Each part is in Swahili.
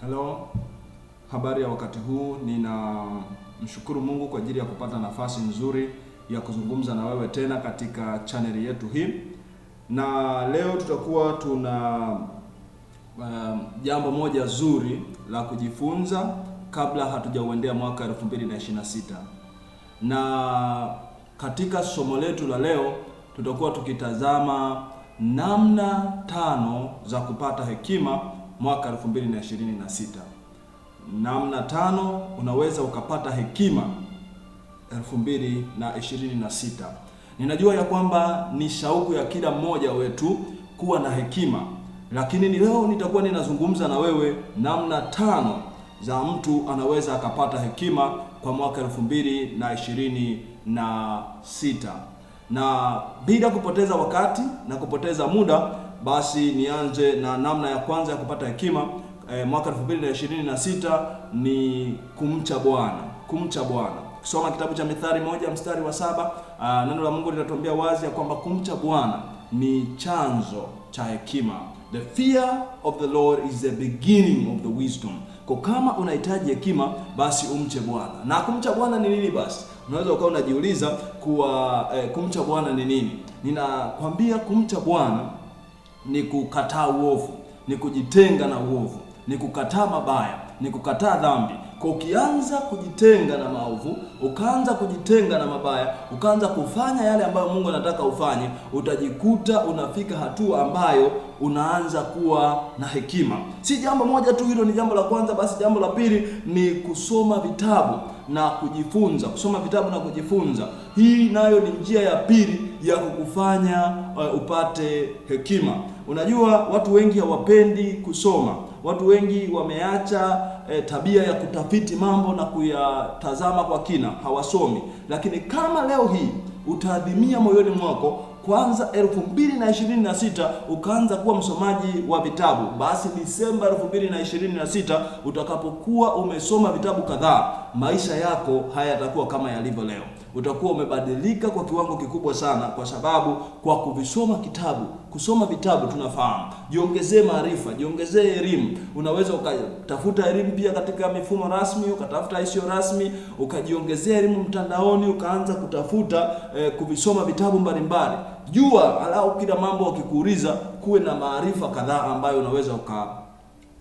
Hello, habari ya wakati huu. Ninamshukuru Mungu kwa ajili ya kupata nafasi nzuri ya kuzungumza na wewe tena katika chaneli yetu hii, na leo tutakuwa tuna uh, jambo moja zuri la kujifunza kabla hatujauendea mwaka 2026 na katika somo letu la leo tutakuwa tukitazama namna tano za kupata hekima mwaka 2026. Namna tano, unaweza ukapata hekima 2026. Ninajua ya kwamba ni shauku ya kila mmoja wetu kuwa na hekima, lakini ni leo nitakuwa ninazungumza na wewe namna tano za mtu anaweza akapata hekima kwa mwaka 2026 na, na bila kupoteza wakati na kupoteza muda basi nianze na namna ya kwanza ya kupata hekima e, mwaka 2026 ni kumcha Bwana, kumcha Bwana. Ukisoma kitabu cha Mithali moja mstari wa saba ah, neno la Mungu linatuambia wazi ya kwamba kumcha Bwana ni chanzo cha hekima. The fear of the Lord is the beginning of the wisdom. Kwa kama unahitaji hekima basi umche Bwana. Na kumcha Bwana ni nini basi? Unaweza ukawa unajiuliza kuwa eh, kumcha Bwana ni nini? Ninakwambia kumcha Bwana ni kukataa uovu, ni kujitenga na uovu, ni kukataa mabaya, ni kukataa dhambi. Kwa ukianza kujitenga na maovu, ukaanza kujitenga na mabaya, ukaanza kufanya yale ambayo Mungu anataka ufanye, utajikuta unafika hatua ambayo unaanza kuwa na hekima. Si jambo moja tu hilo, ni jambo la kwanza. Basi jambo la pili ni kusoma vitabu na kujifunza, kusoma vitabu na kujifunza. Hii nayo ni njia ya pili ya kukufanya uh, upate hekima. Unajua, watu wengi hawapendi kusoma. Watu wengi wameacha eh, tabia ya kutafiti mambo na kuyatazama kwa kina, hawasomi. Lakini kama leo hii utaadhimia moyoni mwako kwanza elfu mbili na ishirini na sita ukaanza kuwa msomaji wa vitabu, basi Disemba elfu mbili na ishirini na sita utakapokuwa umesoma vitabu kadhaa maisha yako hayatakuwa kama yalivyo leo. Utakuwa umebadilika kwa kiwango kikubwa sana, kwa sababu kwa kuvisoma kitabu, kusoma vitabu tunafahamu, jiongezee maarifa, jiongezee elimu. Unaweza ukatafuta elimu pia katika mifumo rasmi, ukatafuta isiyo rasmi, ukajiongezea elimu mtandaoni, ukaanza kutafuta eh, kuvisoma vitabu mbalimbali. Jua alau kila mambo wakikuuliza, kuwe na maarifa kadhaa ambayo unaweza ukaa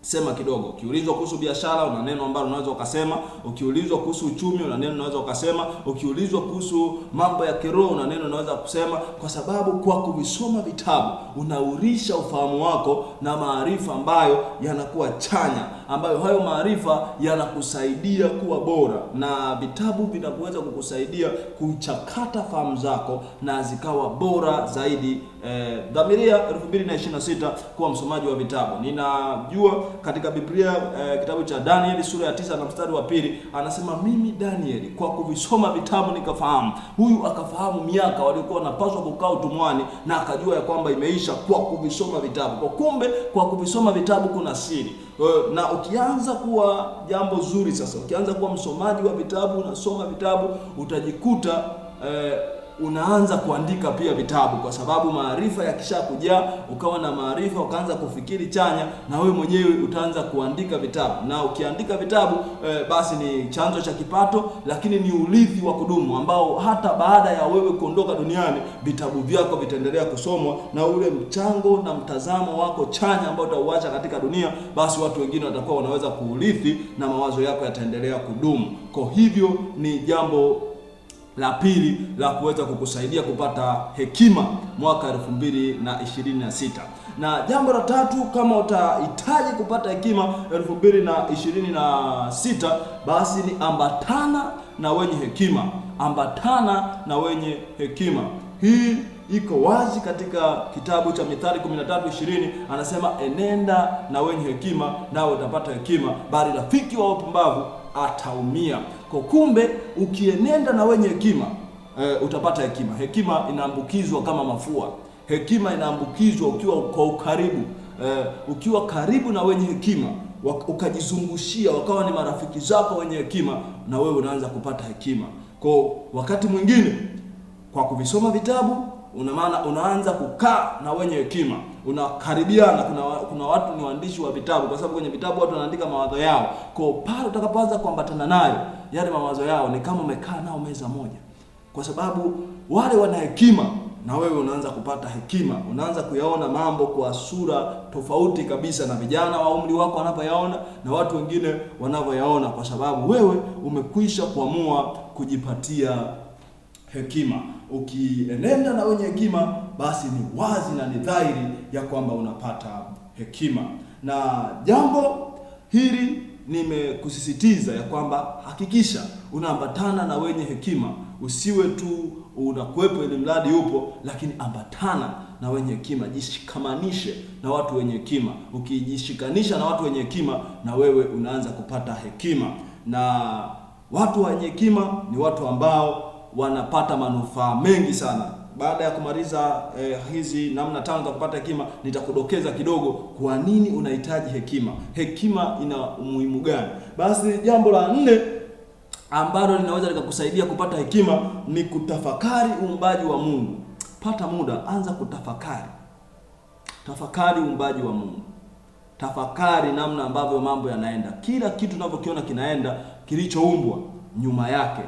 sema kidogo. Ukiulizwa kuhusu biashara, una neno ambalo unaweza ukasema. Ukiulizwa kuhusu uchumi, una neno unaweza ukasema. Ukiulizwa kuhusu mambo ya kiroho, una neno unaweza kusema, kwa sababu kwa kuvisoma vitabu unaurisha ufahamu wako na maarifa ambayo yanakuwa chanya, ambayo hayo maarifa yanakusaidia kuwa bora, na vitabu vinakuweza kukusaidia kuchakata fahamu zako na zikawa bora zaidi. Eh, dhamiria 2026 kuwa msomaji wa vitabu. Ninajua katika Biblia eh, kitabu cha Danieli sura ya tisa na mstari wa pili anasema, mimi Danieli kwa kuvisoma vitabu nikafahamu. Huyu akafahamu miaka waliokuwa wanapaswa kukaa utumwani na akajua ya kwamba imeisha kwa kuvisoma vitabu. Kwa kumbe kwa kuvisoma vitabu kuna siri eh, na ukianza kuwa jambo zuri sasa, ukianza kuwa msomaji wa vitabu, unasoma vitabu utajikuta eh, unaanza kuandika pia vitabu, kwa sababu maarifa yakishakujaa ukawa na maarifa ukaanza kufikiri chanya, na wewe mwenyewe utaanza kuandika vitabu, na ukiandika vitabu e, basi ni chanzo cha kipato, lakini ni urithi wa kudumu ambao hata baada ya wewe kuondoka duniani vitabu vyako vitaendelea kusomwa, na ule mchango na mtazamo wako chanya ambao utauacha katika dunia, basi watu wengine watakuwa wanaweza kuurithi na mawazo yako yataendelea kudumu. Kwa hivyo ni jambo la pili la kuweza kukusaidia kupata hekima mwaka 2026 na jambo la tatu, kama utahitaji kupata hekima sita basi ni ambatana na wenye hekima. Ambatana na wenye hekima, hii iko wazi katika kitabu cha Mithali 13:20 anasema, enenda na wenye hekima nao utapata hekima, bali rafiki wa wapumbavu ataumia. Kwa kumbe ukienenda na wenye hekima e, utapata hekima. Hekima inaambukizwa kama mafua. Hekima inaambukizwa ukiwa kwa ukaribu e, ukiwa karibu na wenye hekima ukajizungushia wakawa ni marafiki zako wenye hekima, na wewe unaanza kupata hekima. Kwa wakati mwingine, kwa kuvisoma vitabu, una maana unaanza kukaa na wenye hekima unakaribiana. Kuna, kuna watu ni waandishi wa vitabu, kwa sababu kwenye vitabu watu wanaandika mawazo yao. Kwa hiyo pale utakapoanza kuambatana nayo yale mawazo yao, ni kama umekaa nao meza moja, kwa sababu wale wana hekima na wewe unaanza kupata hekima, unaanza kuyaona mambo kwa sura tofauti kabisa na vijana wa umri wako wanavyoyaona na watu wengine wanavyoyaona, kwa sababu wewe umekwisha kuamua kujipatia hekima. Ukienenda na wenye hekima basi ni wazi na ni dhahiri ya kwamba unapata hekima. Na jambo hili nimekusisitiza ya kwamba hakikisha unaambatana na wenye hekima, usiwe tu unakuwepo ili mradi upo, lakini ambatana na wenye hekima, jishikamanishe na watu wenye hekima. Ukijishikanisha na watu wenye hekima, na wewe unaanza kupata hekima. Na watu wenye hekima ni watu ambao wanapata manufaa mengi sana baada ya kumaliza eh, hizi namna tano za kupata hekima, nitakudokeza kidogo kwa nini unahitaji hekima, hekima ina umuhimu gani. Basi jambo la nne ambalo linaweza likakusaidia kupata hekima ni kutafakari uumbaji wa Mungu. Pata muda, anza kutafakari, tafakari uumbaji wa Mungu, tafakari namna ambavyo mambo yanaenda. Kila kitu tunavyokiona kinaenda, kilichoumbwa nyuma yake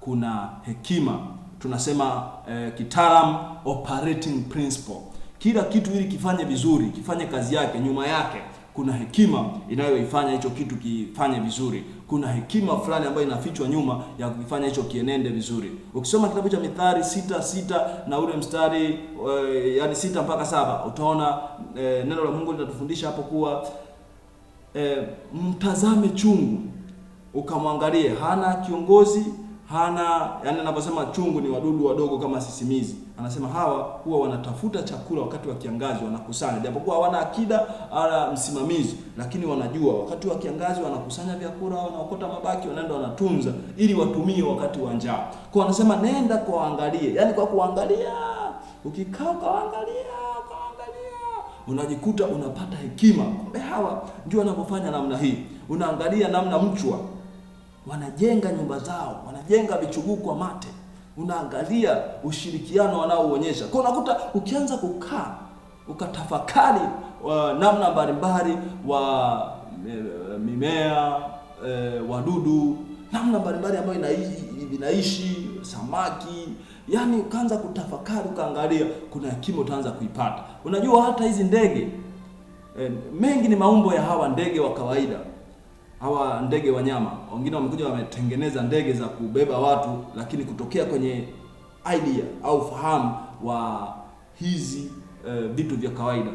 kuna hekima tunasema eh, kitaalam operating principle. Kila kitu ili kifanye vizuri, kifanye kazi yake, nyuma yake kuna hekima inayoifanya hicho kitu kifanye vizuri. Kuna hekima fulani ambayo inafichwa nyuma ya kufanya hicho kienende vizuri. Ukisoma kitabu cha Mithali sita sita na ule mstari e, yani sita mpaka saba utaona e, neno la Mungu linatufundisha hapo kuwa e, mtazame chungu ukamwangalie, hana kiongozi hana yani, anaposema chungu ni wadudu wadogo kama sisimizi, anasema hawa huwa wanatafuta chakula wakati wa kiangazi, wanakusanya, japokuwa hawana akida ala msimamizi, lakini wanajua wakati wa kiangazi wanakusanya vyakula, wanaokota mabaki, wanaenda wanatunza ili watumie wakati wa njaa. Kwa anasema nenda kwa angalie, yani kwa kuangalia, ukikaa ukaangalia unajikuta unapata hekima. Kumbe hawa ndio wanapofanya namna hii, unaangalia namna mchwa wanajenga nyumba zao, wanajenga vichuguu kwa mate. Unaangalia ushirikiano wanaoonyesha kwa, unakuta ukianza kukaa ukatafakari uh, namna mbalimbali wa eh, mimea e, wadudu namna mbalimbali ambayo inaishi, samaki, yani ukaanza kutafakari ukaangalia, kuna hekima utaanza kuipata. Unajua hata hizi ndege e, mengi ni maumbo ya hawa ndege wa kawaida hawa ndege wanyama wengine wamekuja wametengeneza ndege za kubeba watu, lakini kutokea kwenye idea au fahamu wa hizi eh, vitu uh, vya kawaida.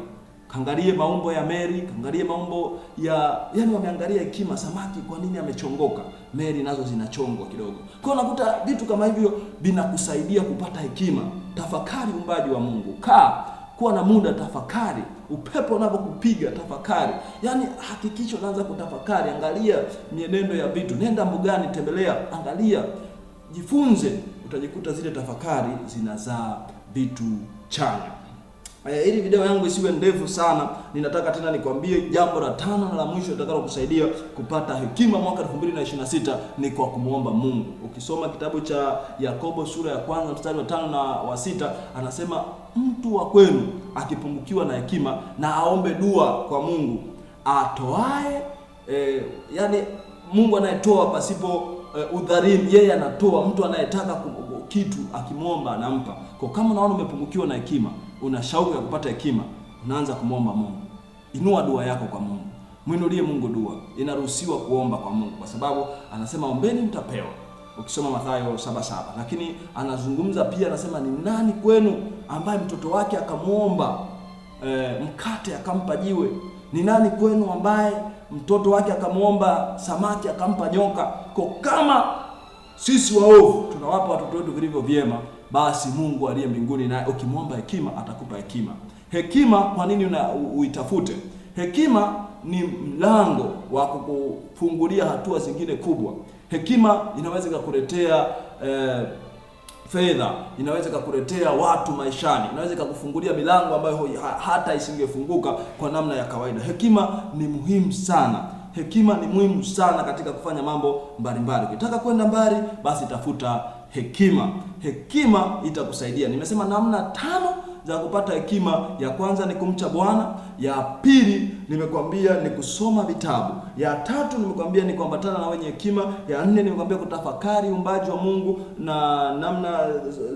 Kangalie maumbo ya meli, kangalie maumbo ya yani, wameangalia hekima. Samaki kwa nini amechongoka? Meli nazo zinachongwa kidogo. Kwa unakuta vitu kama hivyo vinakusaidia kupata hekima. Tafakari umbaji wa Mungu, kaa kuwa na muda, tafakari upepo unavyokupiga tafakari, yaani hakikisha unaanza kutafakari. Angalia mienendo ya vitu, nenda mbugani, tembelea, angalia, jifunze, utajikuta zile tafakari zinazaa vitu chanya. Ili video yangu isiwe ndefu sana, ninataka tena nikwambie jambo la tano na la mwisho litakalo kusaidia kupata hekima mwaka 2026 ni kwa kumwomba Mungu. Ukisoma kitabu cha Yakobo sura ya kwanza mstari wa tano na wa sita anasema mtu wa kwenu akipungukiwa na hekima na aombe dua kwa Mungu atoae, e, eh, yani Mungu anayetoa pasipo e, eh, udhalimu, yeye anatoa. Mtu anayetaka kitu akimwomba anampa. Kwa kama unaona umepungukiwa na hekima, una shauku ya kupata hekima, unaanza kumwomba Mungu. Inua dua yako kwa Mungu, mwinulie Mungu dua. Inaruhusiwa kuomba kwa Mungu kwa sababu anasema ombeni mtapewa ukisoma Mathayo saba saba, lakini anazungumza pia, anasema ni nani kwenu ambaye mtoto wake akamwomba e, mkate akampa jiwe? Ni nani kwenu ambaye mtoto wake akamwomba samaki akampa nyoka? Kwa kama sisi waovu tunawapa watoto wetu vilivyo vyema, basi Mungu aliye mbinguni naye ukimwomba hekima atakupa hekima. Hekima kwa nini una uitafute? Hekima ni mlango wa kukufungulia hatua zingine kubwa. Hekima inaweza ikakuletea eh, fedha inaweza ikakuletea watu maishani, inaweza ikakufungulia milango ambayo hata isingefunguka kwa namna ya kawaida. Hekima ni muhimu sana. Hekima ni muhimu sana katika kufanya mambo mbalimbali. Ukitaka kwenda mbali, basi tafuta hekima. Hekima itakusaidia. Nimesema namna tano za kupata hekima. Ya kwanza ni kumcha Bwana, ya pili nimekwambia ni kusoma vitabu, ya tatu nimekwambia ni kuambatana na wenye hekima, ya nne nimekwambia kutafakari uumbaji wa Mungu na namna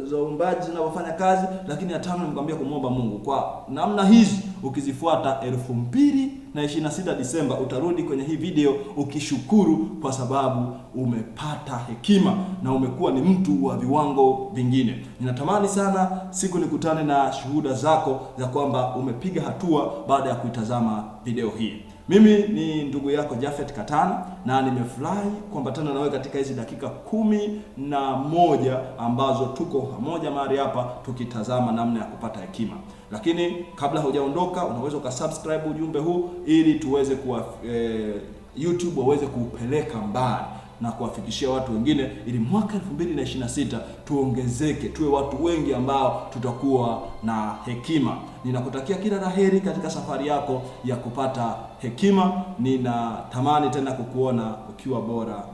za uumbaji zinavyofanya kazi, lakini ya tano nimekwambia kumwomba Mungu. Kwa namna hizi ukizifuata elfu mbili na 26 Disemba utarudi kwenye hii video ukishukuru kwa sababu umepata hekima na umekuwa ni mtu wa viwango vingine. Ninatamani sana siku nikutane na shuhuda zako za kwamba umepiga hatua baada ya kuitazama video hii. Mimi ni ndugu yako jafet Katana na nimefurahi kuambatana nawe katika hizi dakika kumi na moja ambazo tuko pamoja mahali hapa tukitazama namna ya kupata hekima. Lakini kabla hujaondoka, unaweza ukasubscribe ujumbe huu ili tuweze kuwa eh, YouTube waweze kuupeleka mbali na kuwafikishia watu wengine, ili mwaka 2026 tuongezeke, tuwe watu wengi ambao tutakuwa na hekima. Ninakutakia kila laheri katika safari yako ya kupata hekima. Ninatamani tena kukuona ukiwa bora.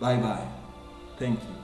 Bye bye. Thank you.